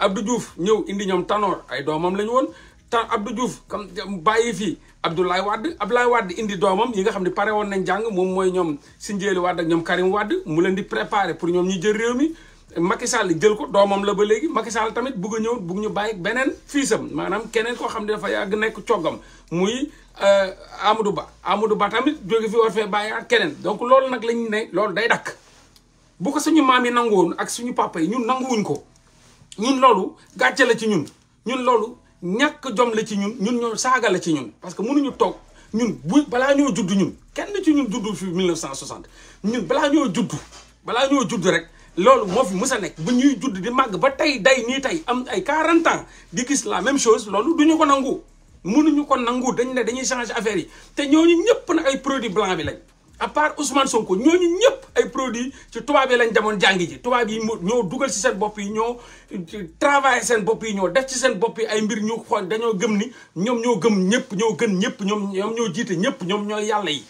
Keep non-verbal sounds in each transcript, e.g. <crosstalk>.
Abdou Diouf ñëw indi ñoom Tanor ay doomam la ñu woon tan Abdou Diouf comme bàyyi fii Abdoulaye Wade Abdoulaye wadd indi doomam yi nga xam ne pare woon nañ jàng moom mooy ñoom Sindiély Wade ak ñoom Karim Wade mu leen di préparer pour ñoom ñu jël réew mi Macky jël ko doomam la ba léegi Macky Sall tamit bugg a ñëw bugg ñu bàyyi beneen fiisam maanaam keneen koo xam ne dafa yàgg nekk coggam muy euh, Amadou Ba Amadou Ba tamit jóge fi war fee bàyyi ak keneen donc loolu nag lañ ne loolu day dakk bu ko suñu maam yi nangu ak suñu papa yi ñun nanguwuñ ko ñun loolu gàcce la ci ñun ñun loolu ñàkk jom la ci ñun ñun ñoo saaga la ci ñun parce que mënuñu toog ñun bu balaa ñoo judd ñun kenn ci ñun judd fi 1960 ñun balaa ñoo judd balaa ñoo juddu rek loolu moo fi mës a nekk bu ñuy juddu di màgg ba tey day nii tey am ay 40 ans di gis la même chose loolu duñu ko nangu mënuñu ko nangu dañ ne dañuy changer affaire yi te ñooñu ñëpp nag ay produit blanc bi lañ à part Ousmane Sonko ñooñu ñëpp ay produits ci tubaab yi lañ demoon jàngi ji tubaab yi ñoo dugal ci seen bopp yi ñoo travaillé seen bopp yi ñoo def ci seen bopp yi ay mbir ñoo xool dañoo gëm ni ñoom ñoo gëm ñëpp ñoo gën ñëpp ñoom ñoom ñoo jiite ñëpp ñoom ñooy yàlla yi.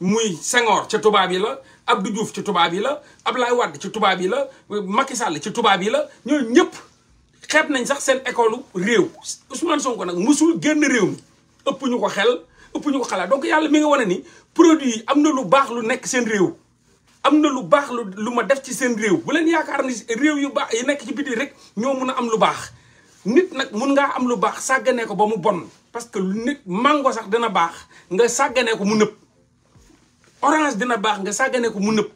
muy Senghor ci tubaab yi la du Diouf ci tubaab yi la ab Abdoulaye Wade ci tubaab yi la Macky Sall ci tubaab yi la ñooñu ñëpp xeet nañ sax seen école réew Ousmane Sonko nag musul génn réew mi ëpp ñu ko xel. ëpp ñu ko xalaat donc yalla mi nga wone ni produit amna lu baax lu nekk seen réew. amna lu baax lu lu ma def ci seen réew bu leen yaakar ni réew yu baax yi nekk ci biti rek ñoo mëna am lu baax nit nak mën nga am lu baax sàgganee ko ba mu bon parce que nit mango sax dina baax nga sàgganee ko mu nëb orange dina baax nga sàgganee ko mu nëb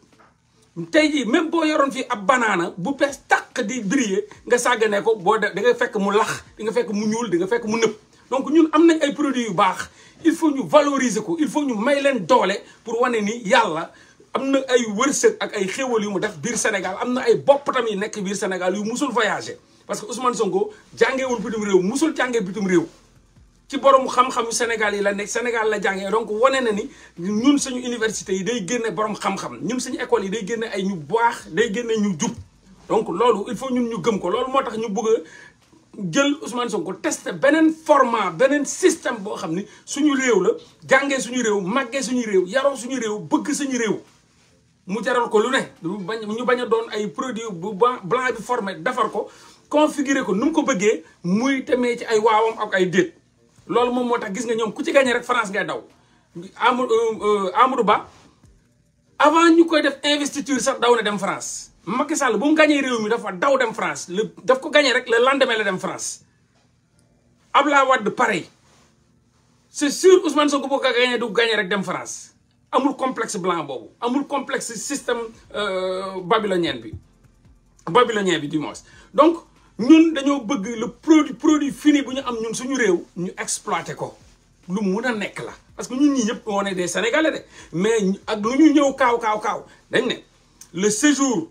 tay ji même bo yoron fi ab banana bu bees tak di briller nga sàgganee ko bo da di nga fekk mu lax nga fekk mu ñuul nga fekk mu nëb donc ñun am nañ ay produits yu baax il faut ñu valoriser ko il faut ñu may leen doole pour wane ni yàlla am na ay wërsëg ak ay xéwal yu mu def biir Sénégal am na ay bopp tam yu nekk biir Sénégal yu musul voyager parce que Ousmane Sonko jàngewul bitum réew musul jànge bitum réew ci borom xam-xamu Sénégal yi la nekk Sénégal la jàngee donc wane na ni ñun suñu université yi day génne borom xam-xam ñun suñu école yi day génne ay ñu baax day génne ñu jub donc loolu il faut ñun ñu gëm ko loolu moo tax ñu bëgg jël usman Ousmane ko testé beneen format beneen système boo xam ni suñu réew la jàngee suñu réew màggee suñu réew yaroo suñu réew bëgg suñu réew mu jaral ko lu ne bañ ñu bañ a doon ay produit bu blanc bi formé defar ko configuré ko nu mu ko bëggee muy temee ci ay waawam ak ay déet loolu moom moo tax gis nga ñoom ku ci gagné rek France ngay daw Amadou euh, euh, Amadou Ba avant ñu koy def investiture sax daw na dem France Macky Sall bu mu gagné réew mi dafa daw dem France le daf ko gagné rek le lendemain la dem France Abdoulaye Wade pareil c'est sûr Ousmane Sonko boo ko gagné du gagné rek dem France amul complexe blanc boobu amul complexe système euh, babylonien bi babylonien bi du moins donc ñun dañoo bëgg le produit produit fini bu ñu am ñun suñu réew ñu exploité ko lu mun a nekk la parce que ñun ñii ñëpp on est des sénégalais de mais ak lu ñu ñëw kaaw kaaw kaaw dañ ne le séjour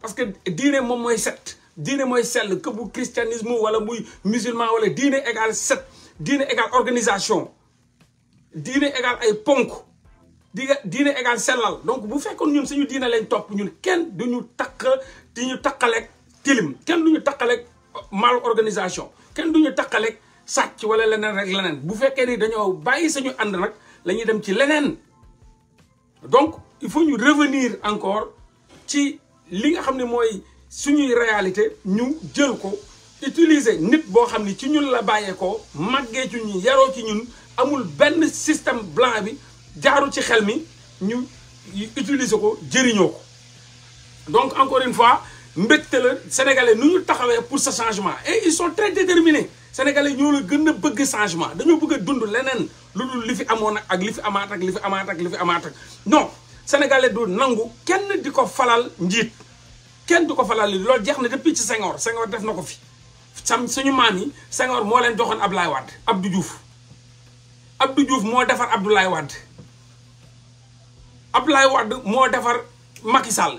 parce que dîner moom mooy set diine mooy sel. que bu christianisme wala muy musulman wala dîner égal set dîner égal organisation diine égal ay ponk diine égal sellal donc bu fekkoon ñun suñu diine lañ top, ñun kenn duñu takk di ñu takkaleeg tilim kenn duñu takkaleeg euh, mal organisation kenn duñu takkaleeg sàcc wala voilà rek leneen bu faites ni dañoo bàyyi suñu ànd nag la ñuy dem ci leneen donc il faut ñu revenir encore ci li nga xam ne mooy suñuy réalité ñu jël ko utiliser nit boo xam ne ci ñun la bàyyee bàyyeekoo màggee ci ñun yaroo ci ñun amul benn système blanc bi jaaru ci xel mi ñu utiliser ko jëriñoo ko donc encore une fois mbégte la sénégalais nu ñu taxawee pour sa changement et ils sont très déterminés sénégalais ñoo la gën a bëgg changement dañoo bëgg a dundu leneen lu dul li fi amoon ak li fi amaat ak li fi amaat ak li fi amaat ak non sénégalais du nangu kenn di ko falal njiit kenn du ko falal lii loolu jeex na depuis ci Senghor Senghor def na ko fi sam suñu maam yi Senghor moo leen joxoon ab du juuf Diouf du juuf moo defar Abdoulaye Wade Abdoulaye wadd moo defar Macky Sall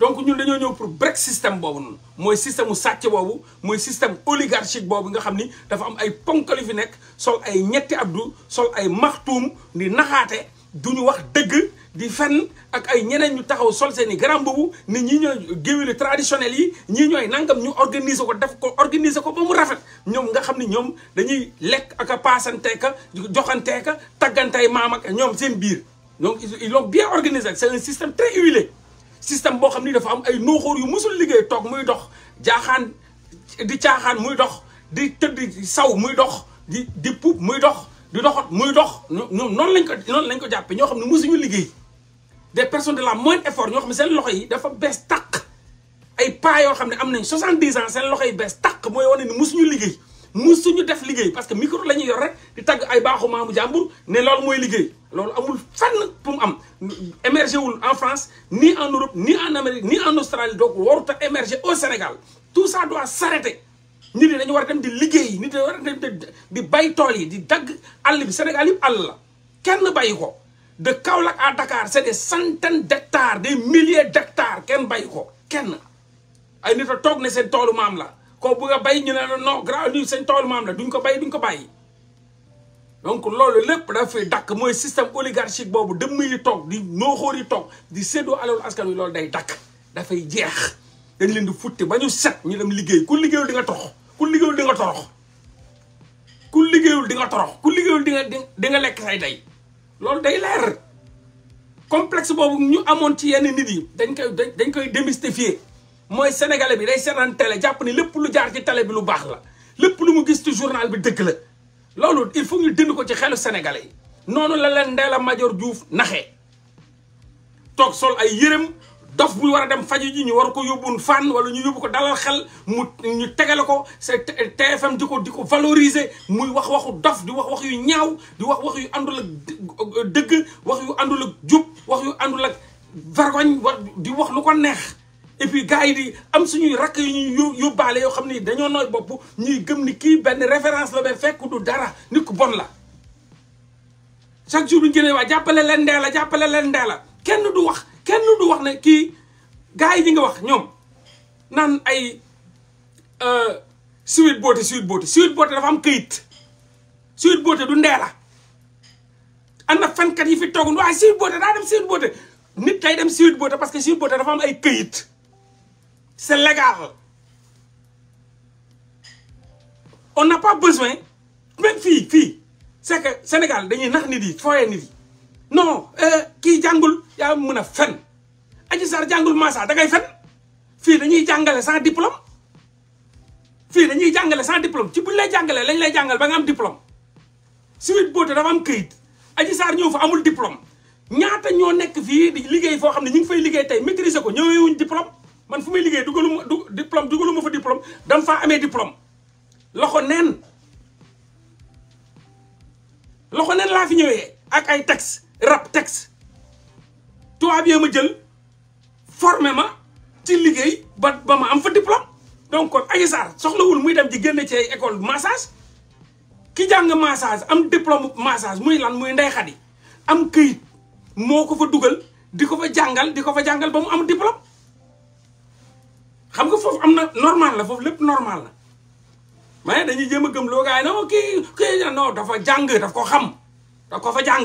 donc ñun dañoo ñëw pour break système boobu noonu mooy système mu sàcc boobu mooy système oligarchique boobu nga xam ni dafa am ay ponkali fi nekk sol ay ñetti Abdou sol ay maxtuum di naxaate du ñu wax dëgg di fenn ak ay ñeneen ñu taxaw sol seen i garam boobu ne ñii ñooy géwélu traditionnels yi ñii ñooy nangam ñu organiser ko def ko organiser ko ba mu rafet ñoom nga xam ne ñoom dañuy lekk ak a paasanteeka joxanteeka taggantey maam ak ñoom seen biir donc ils l'ont bien organisé c'est un système très huilé système boo xam ni dafa am ay nooxóor yu musul liggéey toog muy dox jaaxaan di caaxaan muy dox di tëdd saw muy dox di di puub muy dox du doxat muy dox non noonu lañ ko non lañ ko jàppee ñoo xam ne mosuñu des personnes de la moindre effort ñoo xam ne seen loxo yi dafa bees tàq ay pas yoo xam ne am nañ ans seen loxo yi bees tàq mooy wane ni mosuñu liggéey mosuñu def liggéey parce que micro la ñuy yor rek di tagg ay baaxu maamu jàmbur ne loolu mooy liggéey loolu amul fenn pour am émerger wul en France ni en Europe ni en Amérique ni en Australie donc warut a émerger au Sénégal tout ça doit s'arrêter nit yi dañu war a dem di liggéey nit yi war a dem di bay tool yi di dagg àll bi Sénégal yëpp àll la kenn bàyyi ko de Kaolack à Dakar c' est des centaines d' hectares des kenn bàyyi ko kenn ay nit a toog ne seen toolu maam la ko bu bay ñu ne la non grand li seen toolu maam la ko bay duñ ko bàyyi donc loolu lépp da fay dakk mooy système oligarchique boobu dëmm yi toog di nooxóor yi toog di séddoo alalu askan wi loolu day dakk dafay jeex dañ leen di futti ba ñu set ñu dem liggéey ku liggéeyul di nga tox ku liggéeyul di nga torox ku liggéeyul di nga torox ku liggéeyul di nga di nga lekk say day loolu day leer complexe boobu ñu amoon ci yenn nit yi dañ koy dañ koy démystifier mooy sénégalais bi day seetaan télé jàpp ni lépp lu jaar ci télé bi lu baax la lépp lu mu gis ci journal bi dëgg la loolu il faut ñu dënd ko ci xelu sénégalais yi noonu la leen la major Diouf naxe toog sol ay yërëm dof bu war a dem faju ji ñu war ko yóbbun fan wala ñu yóbbu ko dalal xel mu ñu tegale ko sa TFM di ko di ko valoriser muy wax waxu dof di wax wax yu ñaaw di wax wax yu àndul ak dëgg wax yu àndul ak wax yu àndul ak vergogne di wax lu ko neex et puis gars yi di am suñuy rakk yu ñuy yóbbaale yoo xam ni dañoo nooy bopp ñuy gëm ni kii benn référence la ba fekk du dara nit ku bon la chaque jour bu ñu génnee waa jàppale leen ndee la jàppale leen ndee la kenn du wax kenn du wax ne kii gars yi ñi nga wax ñoom naan ay euh, Sweet Beauty Sweet Beauty Sweet Beauty dafa am këyit Sweet Beauty du ndee la am na fenkat yi fi toogun waaye Sweet Beauty daa dem Sweet Beauty nit kay dem Sweet Beauty parce que Sweet Beauty dafa am ay këyit c'est légal on n'a pas besoin même fii fii c'est que Sénégal dañuy nax nit yi fooyee nit yi non eh, kii ki jangul ya a fen aji sar jangul massa da ngay fen fi dañuy jàngale sans diplôme fi dañuy jàngale sans diplôme ci buñ lay jàngalee lañ lay jangal ba nga am diplôme suite Beauté dafa am keuyit aji sar ñëw fa amul diplôme ñaata ñoo nek fi di liggéey fo xamni ñu ngi fay liggéey tay maîtriser ko ñëwewuñ diplôme man fu may liggéey dugaluma du diplôme dugaluma fa diplôme dam fa amé diplôme loxo nen loxo nen la fi ñëwé ak ay texte rap texte tubaab yee ma jël formé ma ci liggéey ba ba mu am fa diplôme donc kon Adji Sarr soxlawul muy dem di génne ci ay école massage ki jàng massage am diplôme massage muy lan muy ndey xadi am këyit moo ko fa dugal di ko fa jàngal di ko fa jàngal ba mu am diplôme xam nga foofu am na normal la foofu lépp normal la mais dañuy jëm a gëm loo gars yi non dafa jàng daf ko xam daf ko fa jàng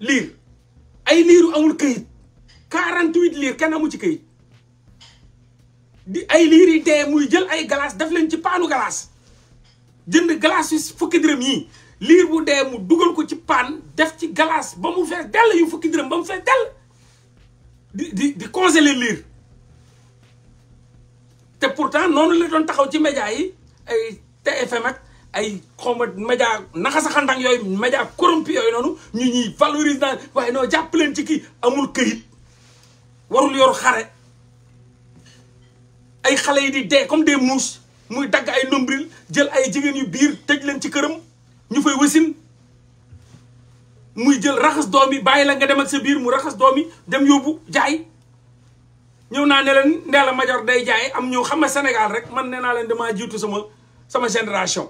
liir ay liir yu amul këyit quarante huit liir kenn amu ci këyit di ay liir yi dee muy jël ay glace def leen ci paanu glace jënd glace yu fukki dërëm yi liir bu dee mu dugal ko ci paan def ci glace ba mu fees dell yu fukki dërëm ba mu fees dell di di di congeler liir te pourtant noonu la doon taxaw ci media yi ay TFM ak ay xawma média naxa saxantang yooyu média corrompu yooyu noonu ñu ñuy valorise naa waaye noo jàpp leen ci kii amul këyit warul yor xare ay xale yi di dee comme des muus muy dagg ay nombril jël ay jigéen yu biir tëj leen ci këram ñu fay wasin muy jël raxas doom yi bàyyi la nga demal sa biir mu raxas doom yi dem yóbbu jaay ñëw naa ne leen Ndella Madior day jaay am ñëw xam nga Sénégal rek man nee naa leen damaa jiitu sama sama génération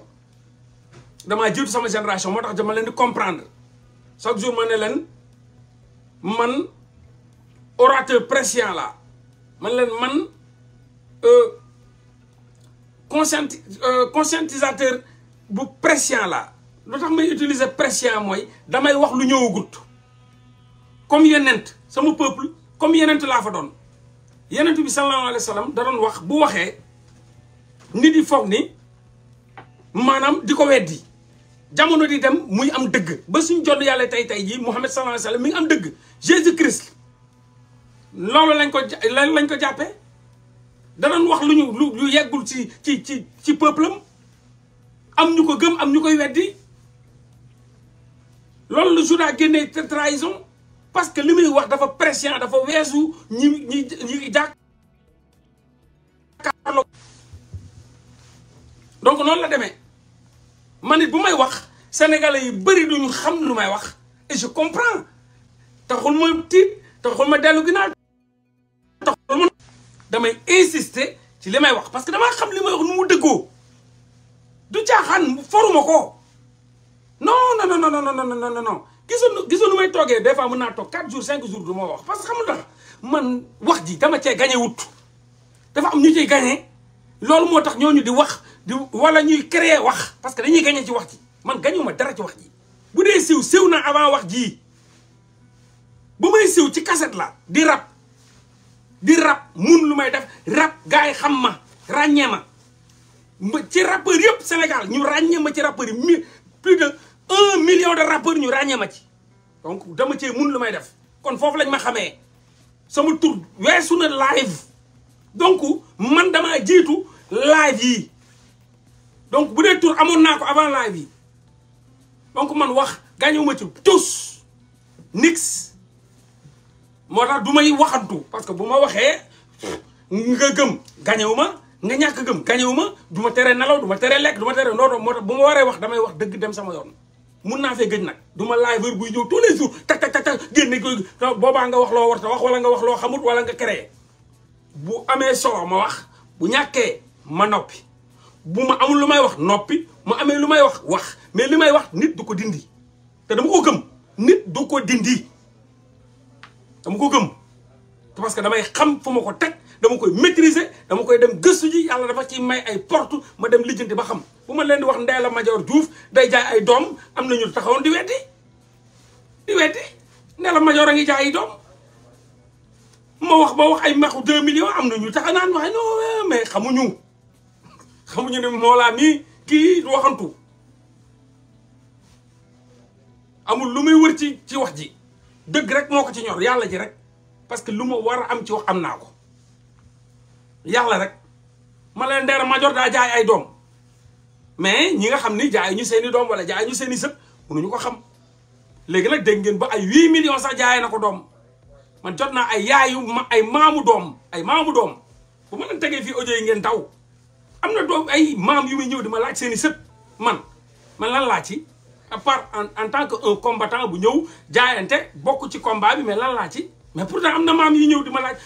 damaa jiitu sama génération moo tax dama leen di comprendre chaque jour ma ne leen man orateur prescient la man leen man euh, conscienti euh, conscientisateur bu prescient la lu tax may utiliser prescient mooy damay wax lu ñëwagut comme yenent sama peuple comme yenent laa fa doon yenent bi sallallahu alayhi wa sallam da doon wax bu waxee nit yi foog ni maanaam di ko weddi jamono di dem muy am dëgg ba suñ jonn yàlla tey tey jii Muhammad sallallahu alayhi wasallam mi ngi am dëgg Jésus Christ loolu lañ ko lañ ko jàppee danañ wax lu ñu lu yeggul ci ci ci ci peuple am ñu ko gëm am ñu koy weddi loolu la Judas génnee trahison parce que li muy wax dafa pression dafa weesu ñi ñi ñi jàkkaarloo donc noonu la demee man it bu may wax sénégalais yi bari duñu xam lu may wax et je comprends taxul moy tiit taxul ma dellu ginnaaw taxul ma damay insister ci limay wax parce que dama xam limay wax nu mu deggo du caaxaan foruma ko non non non non non non non non gisoon gisoon nu may togué des fois mën naa toog 4 jours 5 jours du ma wax parce que xamul tax man wax ji dama ci gagner wut dafa am ñu ci gagner loolu motax ñoo ñu di wax. di wala ñuy créer wax parce que dañuy gagné ci wax ji man gagnuma dara ci wax ji bu siw siw na avant wax ji siu may siw ci cassette la di rap di rap mun lu may def rap gaay xam ma ragné ma ci rappeur yépp Sénégal ñu ragné ma ci rappeur yi plus de 1 million de rappeurs ñu ragné ma ci donc dama ci mun lu may def kon fofu lañ ma xamé sama tur weesu live donc man dama jitu live yi donc bu dee tour amon nako avant live yi donc man wax gaañuma ci tous nix motax tax du waxantu parce que buma waxé nga gëm gaañewu ma nga ñak gëm gaañewu ma duma ma teree nelaw du ma teree lekk du ma wax damay wax deug dem sama yoon mën na fé gëj nak duma live bu ñëw tous les jours tak tak tak tak génne ko boobaa nga wax lo warta wax wala nga wax lo xamut wala nga créer bu amé solo ma wax bu ñaké ma nopi bu ma amul lu may wax noppi ma amee lu may wax wax mais li may wax nit du ko dindi te dama ko gëm nit du ko dindi dama ko gëm te que damay xam foo ma ko teg dama koy maîtriser dama koy dem gëstu ji yàlla dafa ci may ay porte ma dem lijjanti ba xam bu ma leen di wax ndeela Madior Diouf day jaay ay doom am na ñu taxawoon di weddi di weddi Ndella a ngi jaay ay doom ma wax ba ay maxu deux millions am na ñu taxa naan waxe non mais xamuñu xamuñu ne moolaa mii kii waxantu amul lu muy wër ci ci wax ji dëgg rek moo ko ci ñor yàlla ji rek parce que lu ma war a am ci wax am naa ko yàlla rek ma leen ndeera major daa jaay ay doom mais ñi nga xam ni jaay ñu seeni doom wala jaay ñu seeni sët mënuñu ko xam léegi nag dégg ngeen ba ay huit millions sax jaayee na ko doom man jot naa ay yaayu ma ay maamu doom ay maamu doom bu ma leen tegee fii audio ngeen daw am na doom ay maam yu muy ñëw di ma laaj seen i sët man man lan laa ci à part en en tant que un combatant bu ñëw jaayante bokk ci combat mais lan laa ci mais pourtant am na maam yu ñëw di ma laaj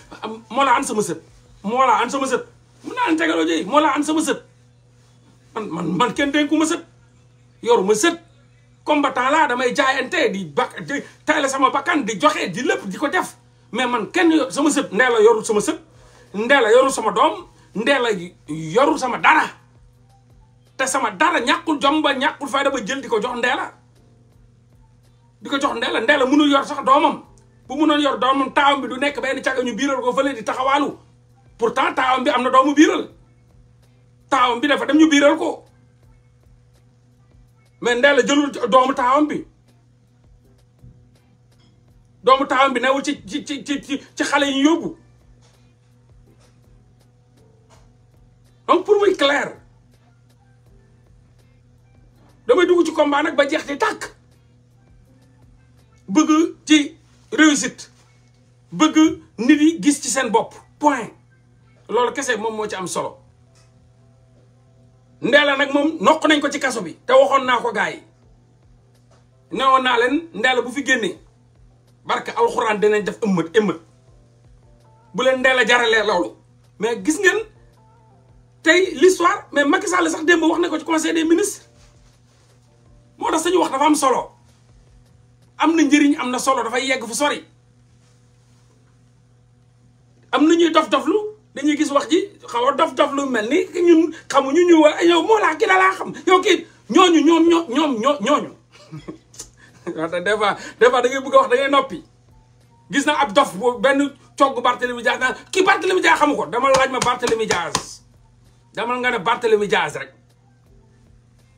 moo laa an sama sët moo an sama sët mun naa leen tegaloo jëy an sama sët man man man kenn dénku ma sët yoru ma sët combatant laa damay jaayante di ba di tay sama bakkan di joxe di lépp di ko def mais man kenn sama sët ndee la yorul sama sët ndee la yorul sama doom Ndella yoru sama dara te sama dara ñàkkul jomba ba ñàkkul fayda ba jël di ko jox Ndella di ko jox Ndella Ndella mënul yor sax doomam bu mënoon yor doomam taawam bi du nekk benn caga ñu biiral ko fële di taxawaalu pourtant taawam bi am na doomu biiral taawam bi dafa dem ñu biiral ko mais Ndella jëlul doomu taawam bi doomu taawam bi newul ci ci ci ci xale yi ñu yóbbu donc pour muy clair damay dugg ci combat nag ba jeex di tàkk bëgg ci réussite bëgg nit yi gis ci seen bopp point loolu kese moom moo ci am solo Ndella nag moom noq nañ ko ci kaso bi te waxoon naa ko gaa yi newoon naa leen Ndella bu fi génnee barke alxuraan dinañ def ëmmët ëmmët bu leen Ndella jarale loolu mais gis ngeen tey l'histoire mais Macky Sall sax démb wax na ko ci conseil des ministres moo tax sañu wax dafa am solo am na njëriñ am na solo dafay yegg fu sori am na ñuy dof-doflu dañuy gis wax ji xaw a dof lu mel ni ñun xamuñu ñu wa yow moo laa ki da laa xam yow kii ñooñu ñoom ñoo ñoom ñoo ñooñu <laughs> des fois des fois da ngay bëgg a wax da noppi gis na ab dof benn cogg Barthélemy Diaz naan kii Barthélemy Diaz xamu ko dama laaj ma Barthélemy Diaz demal nga ne Barthélemy Diaz rek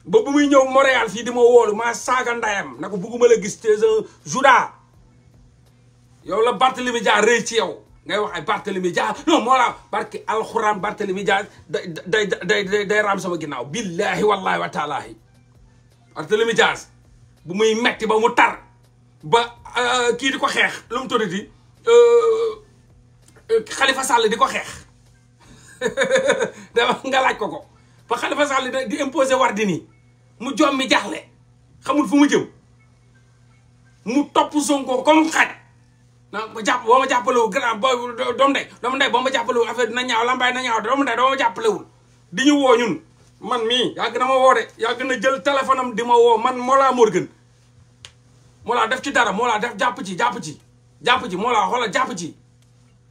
ba bu muy ñëw Montréal fii di ma woolu maa saaga ndayam na ko bugguma la gis te Juda yow la Barthélemy Diaz rëy ci yow ngay wax ay Barthélemy Diaz non moo la barki alxuraan Barthélemy Diaz day day day day raam sama ginnaaw billaahi wallaahi wa taalaahi Barthélemy bu muy metti ba mu tar ba euh, kii di ko xeex lu mu euh, euh, di ko xeex <laughs> dama nga laaj ko ko ba Khalifa Sall di imposer Wardini mu jommi jaxle xamul fu mu jëm mu top Sonko comme xat na ma japp bo ma jàppalewul grand boy dom nday nanya orang bo ma orang affaire na ñaaw lambay na ñaaw dom nday doo ma jàppalewul di wo ñun man mi yag na ma wo de yag na jël telephoneam di ma wo man mola Morgan, mola def ci dara mola def japp ci japp ci japp ci mola xola japp ci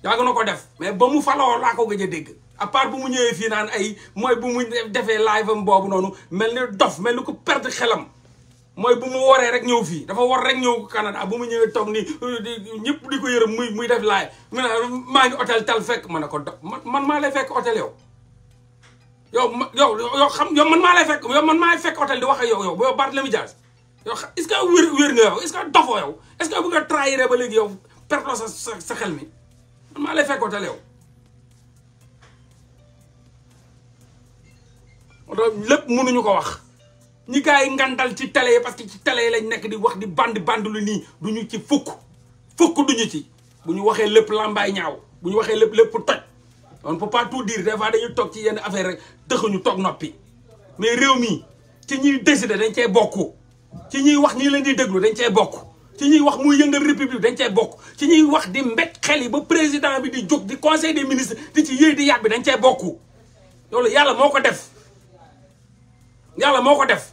yag na ko def mais ba mu falo la ko gëjë degg à part bu mu ñëwee fii naan ay mooy bu mu defee live am boobu noonu mel ni dof mel ni ko perdre xelam mooy bu mu waree rek ñëw fii dafa war rek ñëw Canada bu mu ñëwee toog ni ñëpp di ko yërëm muy muy def live maa ngi hôtel tal fekk ma ne ko dof man maa lay fekk hôtel yow yow yow yow xam yow man maa lay fekk yow man maa fekk hôtel di wax ak yow yow yow Barthélémy Dias yow est-ce que wér wér nga yow est-ce dofoo yow est-ce que bu ba léegi yow perdre sa xel mi man maa lay fekk hôtel yow lépp mënuñu ko wax ñi gars yi ngandal ci télé yi parce que ci télé yi lañ nekk di wax di band band lu nii duñu ci fukk fukk ñu ci bu ñu waxee lépp làmbaay ñaaw bu ñu waxee lépp lépp toj on peut pas tout dire des toog ci yenn affaire rek tëxuñu toog noppi mais réew mii ci ñuy décider dañ cee bokk ci ñuy wax ñi leen di déglu dañ cee bokk ci ñuy wax muy yëngal république dañ cee bokk ci ñuy wax di mbéj xel yi ba président bi di jóg di conseil des ministres di ci yëy di yàgg bi dañ cee bokk loolu yàlla moo ko def yàlla moo ko def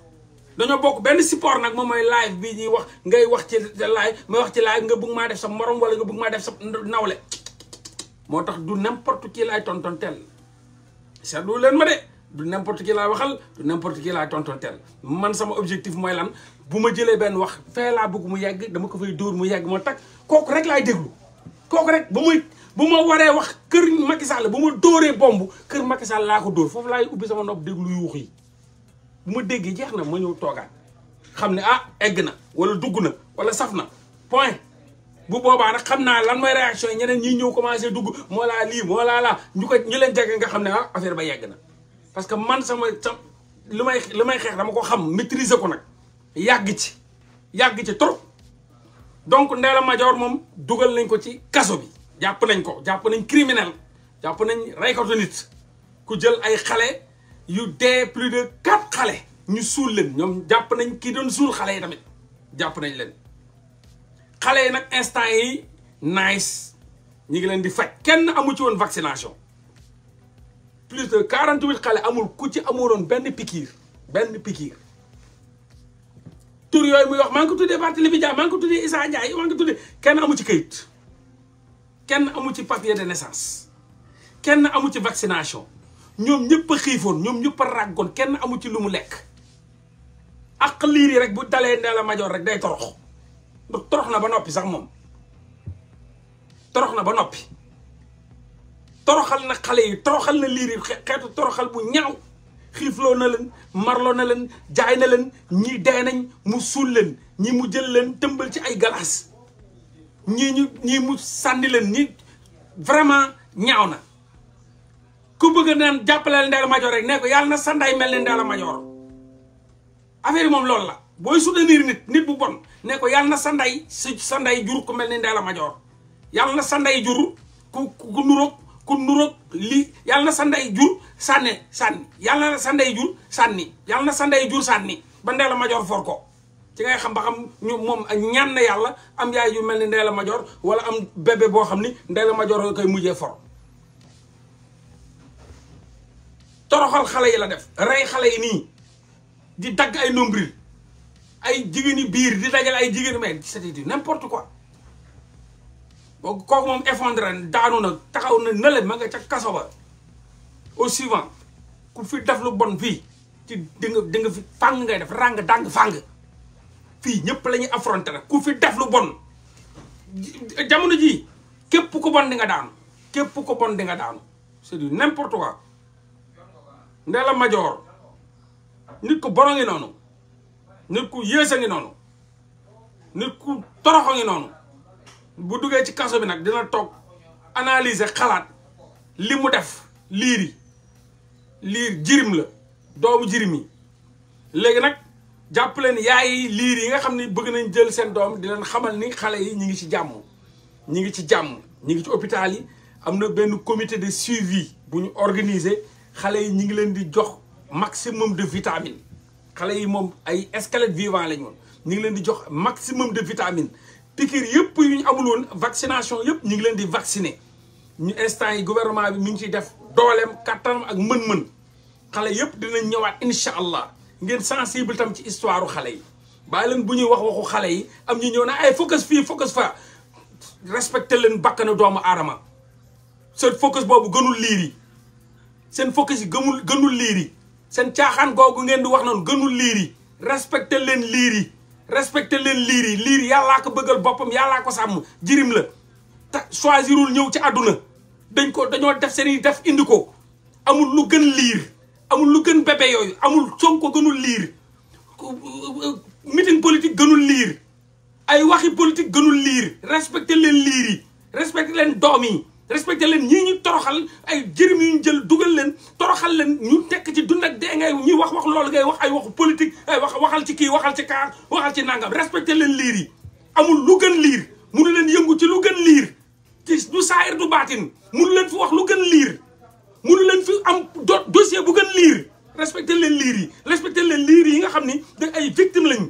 dañoo bokk benn support nag moom mooy live bii ñuy wax ngay wax ci live may wax ci live nga bëgg maa def sa morom wala nga bëgg maa def sa nawle moo tax du n'importe qui laay tontonteel seetlu leen ma de du n'importe qui laay waxal du n'importe qui laay tontonteel man sama objectif mooy lan bu ma jëlee benn wax fee laa bëgg mu yàgg dama ko fay dóor mu yàgg moo tax kooku rek laay déglu kooku rek bu muy bu ma waree wax kër Macky Sall bu ma dóoree bomb kër Macky Sall laa ko dóor foofu laay ubbi sama nopp déglu yuux yi bu ma déggee jeex na ma ñëw toogaat xam ne ah egg na wala dugg na wala saf na point bu boobaa nag xam naa lan mooy réaction yi ñeneen ñi ñëw commencé dugg moo laa lii moo laa laa ñu ko ñu leen jege nga xam ne ah affaire ba yegg na parce que man sama sa li may li may xeex dama ko xam maîtriser ko nag yàgg ci yàgg ci trop donc Ndella Madior moom dugal nañ ko ci kaso bi jàpp nañ ko jàpp nañ criminel jàpp nañ reykatu nit ku jël ay xale You a plus de quatre xale ñu le leen qui ont nañ ki doon tamit nañ leen instant yi nice ñi ngi leen di fajj kenn amu ci vaccination plus de 48 huit amul ku ci ont benn pikiir benn pikiir tour yoy muy wax maa ko ko Issa Ndiaye kenn amu ci kenn amu papier de naissance kenn amu ci vaccination ñoom ñëpp a xiifoon ñoom ñëpp a ràggoon kenn amu ci lu mu lekk ak liir yi rek bu dalee ne la majoor rek day torox torox na ba noppi sax moom torox na ba noppi toroxal na xale yi toroxal na liir yi xeetu toroxal bu ñaaw xiifloo na leen marloo na leen jaay na leen ñii dee nañ mu suul leen ñii mu jël leen tëmbal ci ay galaas ñii ñu ñii mu sànni leen ñi vraiment ñaaw na ku bëgg naan jàppaleel Ndella Madior rek ne ko yàlla na sanday mel ni Ndella Madior affaire moom loolu la booy soutenir nit nit bu bon ne ko yàlla na sanday si sanday jur ku mel ni Ndella Madior yàlla na sanday jur ku ku nuróog ku lii yàlla na sanday jur sànni sànni yàlla na sanday jur sànni yàlla na sanday jur sànni ba Ndella Madior for ko ci ngay xam ba xam ñu moom ñaan na yàlla am yaay yu mel ni Ndella Madior wala am bébé boo xam ni Ndella Madior koy mujjee for toroxal xalé yi la def ray xalé yi ni di dag ay nombril ay jigéeni biir di dagal ay jigéeni mais c'est n'importe quoi bok kok mom effondré daanu na taxaw na nele ma nga ca kasso ba au suivant ku fi def lu bonne vie ci de nga de nga fi fang ngay def rang dang fang fi ñepp lañu affronter nak ku fi def lu bonne jamono ji kep ku bonne nga daanu kep ku bonne nga daanu c'est du n'importe quoi Ndella majoor nit ku boro ngi noonu nit ku yées ngi noonu nit ku toroxo ngi noonu bu duggee ci kaso bi nag dina toog analyser xalaat li mu def liir yi liir jirim la doomu jirim yi léegi nag jàpp leen yaay yi liir yi nga xam ne bëgg nañ jël seen doom dina xamal ni xale yi ñi ngi ci jàmm ñi ngi ci jàmm ñi ngi ci hôpital yi am na benn commité de suivi bu ñu organiser xale yi ñu ngi leen di jox maximum de vitamine xale yi moom ay squelette vivant lañ woon ñu ngi leen di jox maximum de vitamine piqûre yëpp yu ñu amul woon vaccination yëpp ñu ngi leen di vacciner ñu instant yi gouvernement bi ñu ngi ciy def dooleem kattanam ak mën-mën xale yëpp dinañ ñëwaat incha allah ngeen sensible tam ci histoire xale yi bàyyi leen bu ñuy wax waxu xale yi am ñu ñëw na ay focus fii focus fa respecté leen bakkanu doomu aadama seen focus boobu gënul liir seen focus yi gëmul gënul liir yi seen caaxaan googu ngeen di wax noonu gënul liir yi respecté leen liir yi respecté leen liir yi liir yàllaa ko bëggal boppam yàllaa ko sàmm jirim la te choisirul ñëw ci àdduna dañ ko dañoo def seen yi def indi ko amul lu gën liir amul lu gën bébé yooyu amul Sonko gënul liir meeting politique gënul liir ay waxi politique gënul liir respecté leen liir yi respecté leen doom yi respecté leen ñii ñu toroxal ay jërëm yu ñu jël dugal leen toroxal leen ñu tekk ci dund ak dee ngay ñuy wax wax loolu ngay wax ay waxu politique ay wax waxal ci kii waxal ci kaar waxal ci nangam respecté leen liir yi amul lu gën liir munu leen yëngu ci lu gën liir ci du saayir du baatin munu leen fi wax lu gën liir munu leen fi am dossier bu gën liir respecté leen liir yi respecté leen liir yi nga xam ni da ay victime lañu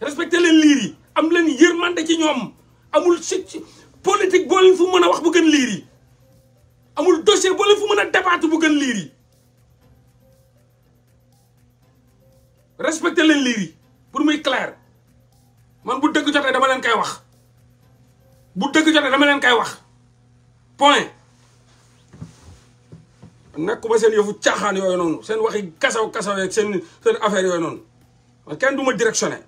respecté leen liir yi am leen yërmande ci ñoom amul si politique boo leen fu mën a wax bu gën liir yi amul dossier boo leen fu mën a débattre bu gën liir yi respecté leen liir yi pour muy clair man bu dëgg jotee dama leen koy wax bu dëgg jotee dama leen koy wax point nekk ma seen yëfu caaxaan yooyu noonu seen waxi kasaw kasaw yeeg seen affaire yooyu noonu man kenn du ma directionné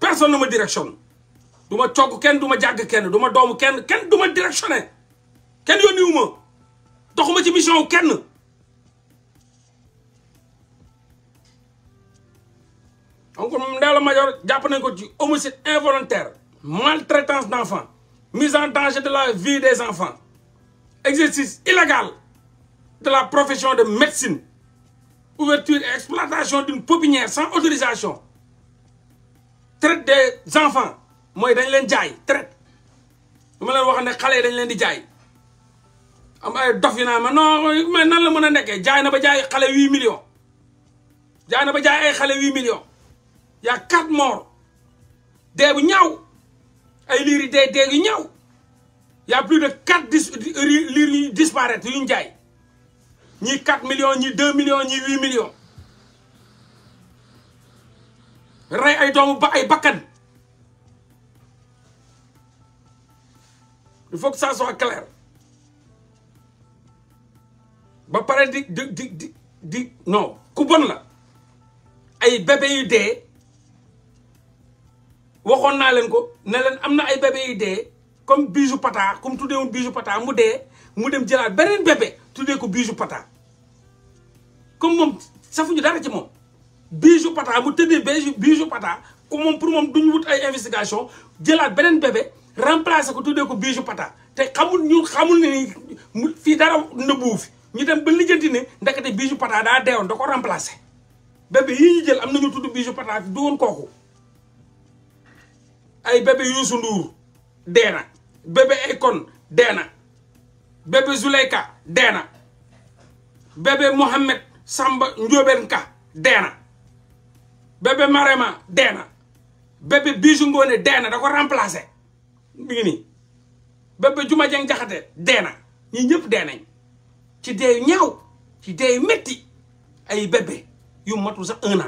personne ne ma directionne du ma cogg kenn du ma jàgg kenn du ma doomu kenn kenn du ma directionné kenn yónniwu ma doxuma ci mission au On donc Ndella major, nañ ko ci homicide involontaire maltraitance d'enfants, mise en danger de la vie des enfants exercice illégal de la profession de médecine ouverture et exploitation d'une pépinière sans autorisation traite des enfants je dañ leen jaay traite lu leen ne dañ leen di jaay am ay dof nan la mën a nekkee jaay na ba jaay xale huit millions jaay na ba jaay ay xale huit millions y a quatre morts dee bu ñaaw ay liir yi dee dee yu ñaaw y a plus de quatre dis liir yu disparaître yu ñu ñii quatre millions ñii deux millions ñii huit millions rey ay doomu ba ay bakkan il faut que ça soit clair ba pare di di di non ku bon la ay bébé yu dé, waxon na len ko ne leen ay bébé yu dé comme bijou pata comme tuddee woon bijou pata mu dé mu dem jëlaat benen bébé tuddee ko bijou pata comme ça safuñu dara ci bijou pata mu tédé bijou bijou pata comme mom pour mom duñu wut ay investigation benen bébé remplacer ko tuddee ko bijou pata te xamul ñu xamul ni dara ñu dem ba lijjanti ne ndekete Bijou Pata daa deewoon da ko remplacé bébé yi ñu jël am nañu tudd Bijou Pata du woon kooku ay bébé Youssou Ndour dee na bébé Akon dee na bébé Zuleyka dee na bébé Mohamed Samba Ndiobène Ka dee na bébé Marema dee na bébé Bijou Ngoné dee na da ko remplacé bi ngi nii bébé Juma Jeng Jaxate na ñi ñëpp dee nañ ci deeyu ñaaw ci deeyu métti ay bébé yu matul sax un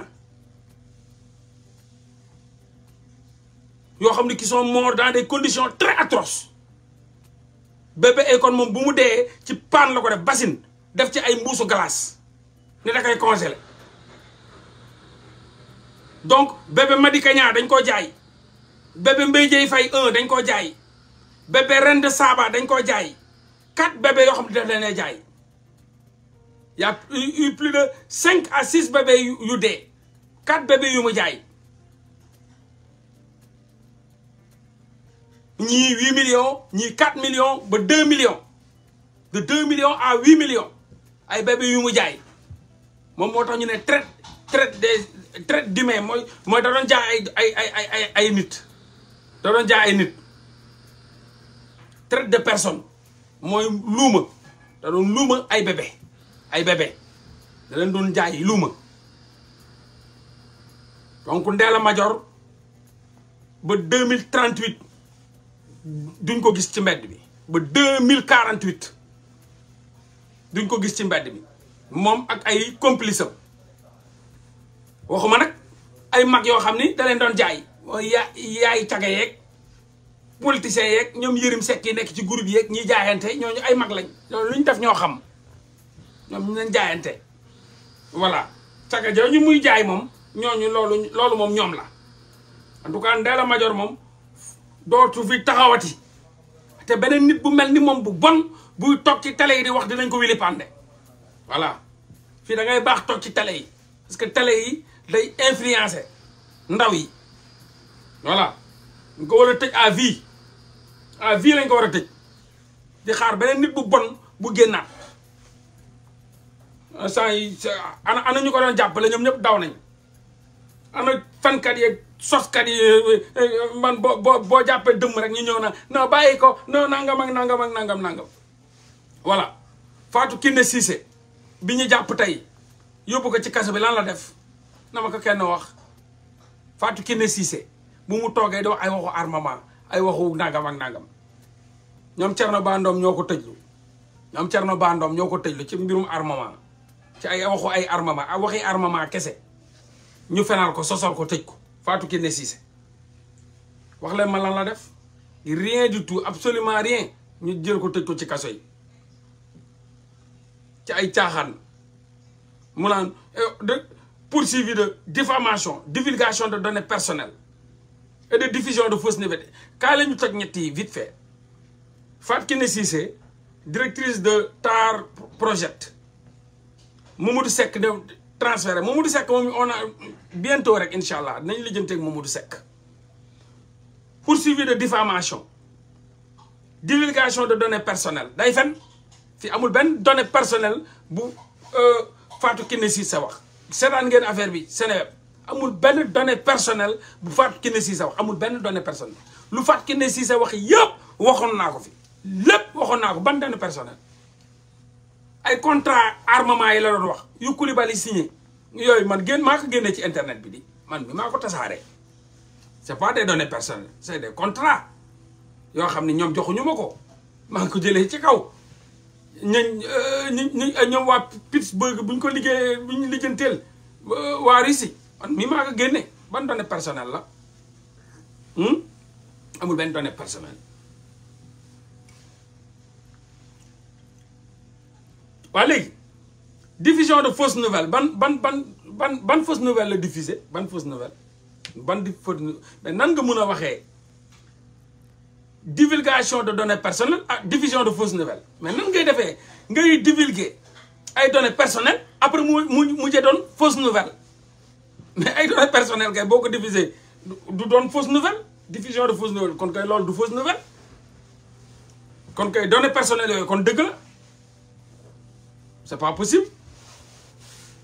yoo xam ne qui sont morts dans des conditions très atroces bébé Akon moom bu mu dee ci paan la ko def basin def ci ay mbuusu glace ne da koy congelé donc bébé Madické Niang dañ koo jaay bébé Mbaye Dièye Faye un dañ koo jaay bébé Reine de Saba dañ koo jaay quatre bébé yoo xam ne daf leen jaay y a eu plus de cinq à six bébés yu dee quatre bébés yu ma jaay ñii huit millions ñii quatre million ba deux millions de deux millions à huit millions ay bébés yu mu jaay moom moo tax ñu ne traite traite des traite d'humain mooy mooy da jaay ay ay ay ay ay nit da jaay ay nit traite de personne mooy luuma da doon luuma ay bébé ay bébé da leen doon jaay luuma donc Ndella Madior ba deux mille trente huit duñ ko gis ci mbedd bi ba deux mille quarante huit duñ ko gis ci mbedd bi moom ak ay complice am waxuma nag ay mag yoo xam ni da leen doon jaay ya yaay caga yeeg politiciens yeeg ñoom yërim sekk nekk ci groupe yeeg ñiy jaayante ñooñu ay mag lañ loolu lu ñu def ñoo xam ñoom ñu leen jaayante voilà caga jooju ñu muy jaay moom ñooñu loolu loolu moom ñoom la en tout cas Ndella Madior moom dootu fi taxawati te beneen nit bu mel ni moom bu bon buy toog ci télé yi di wax dinañ ko wili pande voilà fii da ngay baax toog ci télé yi parce que télé yi day influencer ndaw yi voilà ñu war a tëj à vie à lañ ko war a tëj di xaar beneen nit bu bon bu génnaat sant yi ana ana ñu ko doon jàppale ñoom ñëpp daw nañ ana fankat yeeg soskat yi eh, eh, man boo boo boo jàppee dëmm rek ñu ñëw na non bàyyi ko non nangam ak nangam ak nangam nangam voilà Fatou Kiné Cissé bi ñu jàpp tey yóbbu ko ci kaso bi lan la def na ma ko kenn wax Fatou Kiné Cissé bu mu toogee doo ay waxu armement ay waxu nangam ak nangam ñoom Thierno bàndoom ñoo ko tëjlu ñoom Thierno bàndoom ñoo ko tëjlu ci mbirum armement ci ay waxu ay armement waxi armement kese ñu fenal ko sosal ko tëj ko Fatou Kiné Cissé wax leen ma lan la def rien du tout absolument rien ñu jël ko tëj ko ci kaso yi ci ay caaxaan mu naan eh, de poursuivi de diffamation divulgation de données personnelles et de diffusion de fausses nouvelles Quand la ñu toj vite fait Fatou Kiné Cissé directrice de TAR Project Mamadou Seck de transféré Mamadou Seck on a bientôt rek incha allah dinañ faire. ak Mamadou Seck poursuivi de diffamation divulgation de données personnelles day fen fi amul benn données personnelles bu euh, Fatou Kiné Cissé wax seetaan ngeen affaire bi Sénégal amul benn données personnelles pour Fatou Kiné Cissé wax amul données personnelles. personnelles. lu Fatou Kiné Cissé wax yëpp waxoon naa ko fi lépp waxoon naa ko ban ay contrat armement yi la doon wax yu Koulibaly signé yoy man génn mako ko ci internet bi di man bi mako tassaré c'est pas des données personnelles c'est des contrats yo xamni ñom ñoom joxuñu ma ko maa ko jëlee ci kaw ñañ euh, ñi ñom wa Pittsburgh buñ ko liggé buñ lijjanteel euh, wa Russie man mi mako ko ban données personnelles la hmm amul ben données personnelles Allez, diffusion de fausses nouvelles, ban ban ban ban ban fausses nouvelles. la diffusé ban fausse nouvelle ban mais nan nga mën divulgation de données personnelles diffusion de fausses nouvelles. mais nan ngay defee ngay divulguer ay données personnelles après mou, mu mujjee doon fausses nouvelles. mais ay données personnelles kay est beaucoup diffusé du don fausses nouvelles, diffusion de fausses nouvelles, kon kay loolu du fausses nouvelles. kon kay données personnelles kon c'est pas possible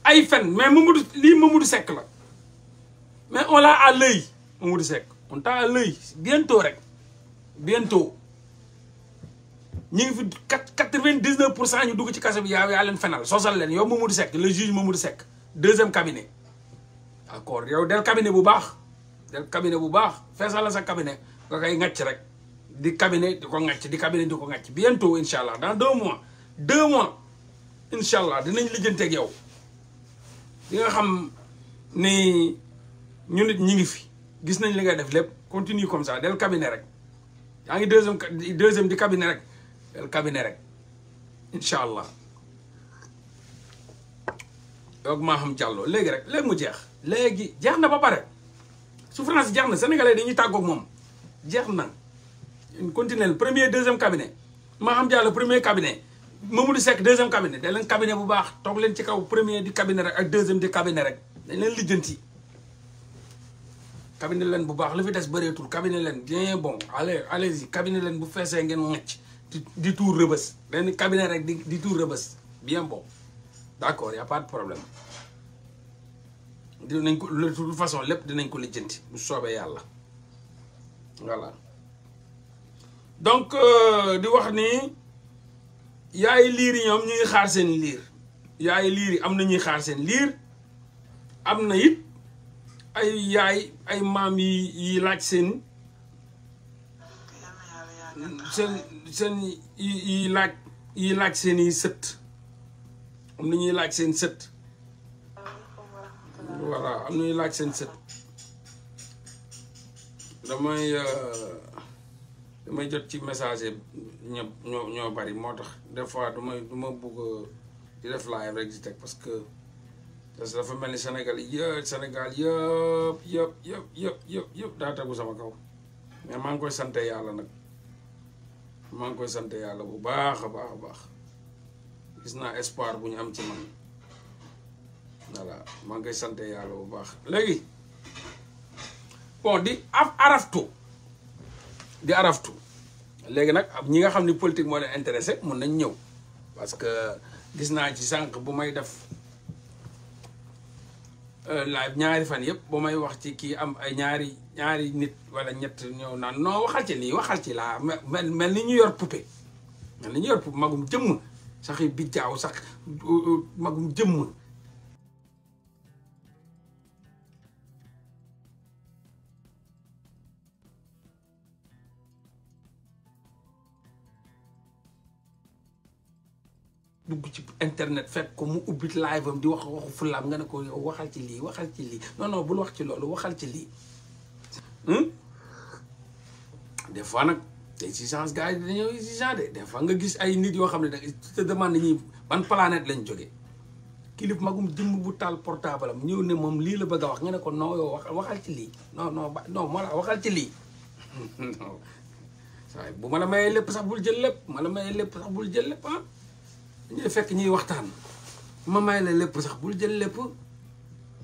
ay fen mais Mamadou li Mamadou Seck la mais on l'a à l'œil Mamadou Seck on t'a à l'œil bientôt rek bientôt ñu ngi fi quatre-vingt-dix-neuf pour cent ñu dugg ci kaso bi yaa yaa leen fenal sosal leen yow Mamadou Seck le juge Mamadou Seck deuxième cabinet d'accord yow del cabinet bu baax del cabinet bu fais ça la sa cabinet nga koy ngàcc rek di cabinet di ko ngàcc di cabinet di ko bientôt inshallah dans deux mois deux mois incha allah dinañ lijjanteeg yow di nga xam ni ñu nit ñi ngi fi gis nañ li ngay def lépp continue comme ça del cabinet rek yaa ngi deuxième deuxième di cabinet rek del cabinet rek incha allah yow maa xam jàlloo léegi rek léegi mu jeex léegi jeex na ba pare souffrance jeex na sénégalais dañuy tàggoog moom jeex na continuer premier deuxième cabinet maa xam jàll premier cabinet Mamadou Seck deuxième cabinet da leen cabinet bu baax toog leen ci kaw premier di cabinet rek ak deuxième di rek dañ leen lijjanti cabinet leen bu baax lu fi des bëreetul cabinet leen bien bon allez allez-y cabinet leen bu feesee ngeen mocc di tour rëbës leen cabinet rek di di tour rëbës bien bon d'accord y problème dinañ ko de toute façon lépp dinañ ko lijjanti bu soobee yàlla voilà donc euh, di wax ni yaay liir yi ñoom ñu xaar seen liir yaay liir yi am na ñuy xaar seen liir am na it ay yaay ay maam yi yi laaj seen seen seen yi laaj yi laaj seen i sët am na ñuy laaj seen sët voilà am na ñuy laaj seen sët damay euh, damay jot ci message ñëpp ñoo ñoo bari moo tax des fois du may du ma bugg di def live rek di teg parce que dafa mel ni Sénégal yëpp Sénégal yëpp yëpp daa tegu sama kaw mais maa ngi koy sante yàlla nag maa ngi koy sante yàlla bu baax a baax a baax gis naa espoir bu ñu am ci man voilà maa ngi koy sante yàlla bu baax léegi bon di af araftu di araftu léegi nag ñi nga xam ni politique moo leen intéressé mun nañ ñëw parce que gis naa ci sànq bu may def euh, laaj ñaari fan yëpp bu may wax ci kii am ay ñaari ñaari nit wala ñett ñëw naan noo waxal ci lii waxal ci laa mel mel ni ñu yor poupée mel ni ñu yor poupée magum jëmm sax yi bijjaaw sax euh, euh, magum jëmm dugg ci internet fekk ko mu ubbi live am di wax waxu fulaam nga ne ko yow waxal ci lii waxal ci lii non non bul wax ci loolu waxal ci lii. Hmm? des fois nag tey si chance gars nga gis ay nit yoo xam ne da te demande ñi ban planète lañ jógee. kilif magum bu taal portable am ñëw ne moom lii la bëgg wax nga ne ko non yow waxal ci lii non non non moo ci lii. waaye <laughs> bu ma la mayee lépp sax bul jël lépp ma la mayee lépp sax bul jël lépp ah. dañuy fekk ñuy waxtaan ma may la lépp sax bul jël lépp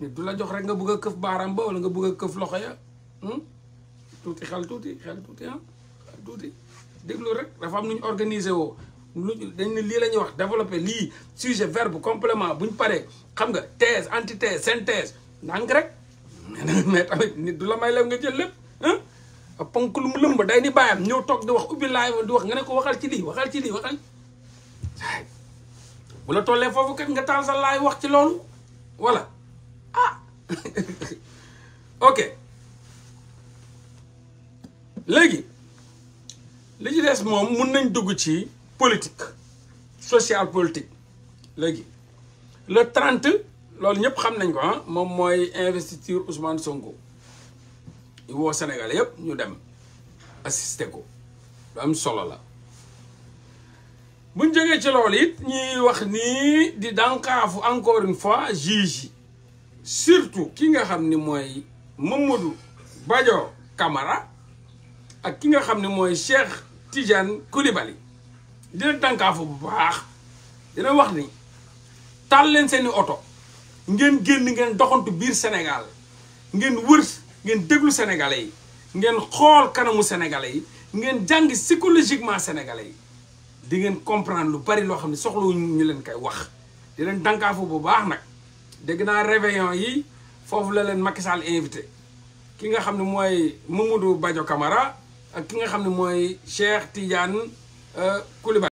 nit du la jox rek nga bugg a këf baaraam ba wala nga bugg a këf loxo ya hmm? tuuti xel tuuti xel tuuti ah xel tuuti déglu rek dafa am nu ñu organiser woo lu dañ ne lii la ñuy wax développer lii sujet verbe complement bu ñu paree xam nga thèse antithèse synthèse ndànk rek <laughs> mais tamit nit du la may lépp nga jël lépp ah ponk lu mu lëmb day ni bàyyam ñëw toog di wax ubbi laay di wax nga ne ko waxal ci lii waxal ci lii waxal. bu la tollee fofu kat nga sa voilà ah <laughs> ok légui li ci politique social politique le 30 loolu ñëpp xam nañ ko ah, investiture Ousmane Sonko Sénégal ñu dem assister ko am solo la. buñ jëgé ci lool it ñi wax ni di dankafu encore une fois jiji surtout ki nga xamni moy Mamadou badjo Camara ak ki nga xamni moy Cheikh Tidiane di dina dankafu bu baax dina wax ni tal leen seen auto ngeen genn ngeen doxantu bir senegal ngeen wër ngeen deglu senegalais ngeen xol kanamu senegalais ngeen jang psychologiquement senegalais di ngeen comprendre lu bari loo xam ne soxlawuñ ñu leen koy wax di leen dànkaafu bu baax nag dégg naa réveillon yi foofu la leen Macky Sall invité ki nga xam ne mooy Mamadou Badio kamara ak ki nga xam ne mooy Cheikh Tidiane Coulibaly euh,